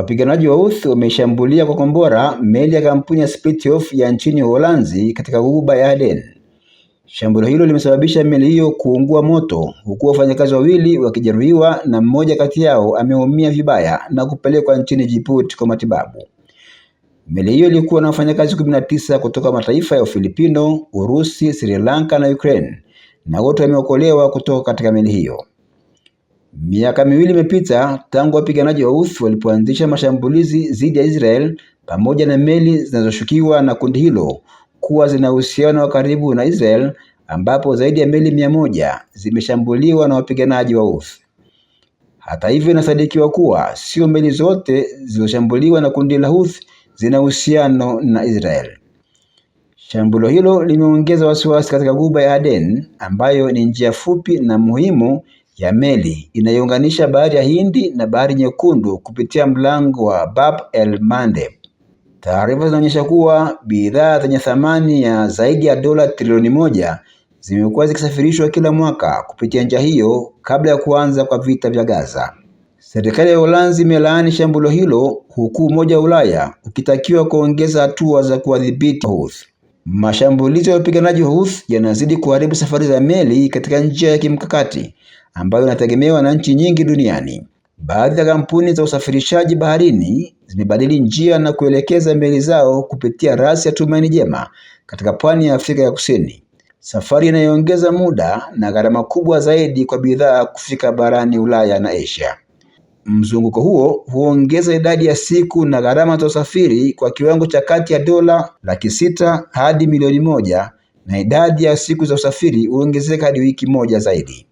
Wapiganaji wa Houthi wameshambulia kwa kombora meli ya kampuni ya Splitoff ya nchini Uholanzi katika ghuba ya Aden. Shambulio hilo limesababisha meli hiyo kuungua moto huku wafanyakazi wawili wakijeruhiwa na mmoja kati yao ameumia vibaya na kupelekwa nchini Djibouti kwa matibabu. Meli hiyo ilikuwa na wafanyakazi 19 kutoka mataifa ya Ufilipino, Urusi, Sri Lanka na Ukraine na wote wameokolewa kutoka katika meli hiyo. Miaka miwili imepita tangu wapiganaji wa Houthi walipoanzisha mashambulizi dhidi ya Israel pamoja na meli zinazoshukiwa na kundi hilo kuwa zina uhusiano wa karibu na Israel ambapo zaidi ya meli mia moja zimeshambuliwa na wapiganaji wa Houthi. Hata hivyo, inasadikiwa kuwa sio meli zote zilizoshambuliwa na kundi la Houthi zina uhusiano na Israel. Shambulio hilo limeongeza wasiwasi katika Ghuba ya Aden ambayo ni njia fupi na muhimu ya meli inayounganisha bahari ya Hindi na bahari Nyekundu kupitia mlango wa Bab el Mandeb. Taarifa zinaonyesha kuwa bidhaa zenye thamani ya zaidi ya dola trilioni moja zimekuwa zikisafirishwa kila mwaka kupitia njia hiyo kabla ya kuanza kwa vita vya Gaza. Serikali ya Uholanzi imelaani shambulio hilo huku Umoja wa Ulaya ukitakiwa kuongeza hatua za kuwadhibiti Houthi. Mashambulizi ya wapiganaji Houthi yanazidi kuharibu safari za meli katika njia ya kimkakati ambayo inategemewa na nchi nyingi duniani. Baadhi ya kampuni za usafirishaji baharini zimebadili njia na kuelekeza meli zao kupitia rasi ya Tumaini Jema katika pwani ya Afrika ya Kusini, safari inayoongeza muda na gharama kubwa zaidi kwa bidhaa kufika barani Ulaya na Asia. Mzunguko huo huongeza idadi ya siku na gharama za usafiri kwa kiwango cha kati ya dola laki sita hadi milioni moja na idadi ya siku za usafiri huongezeka hadi wiki moja zaidi.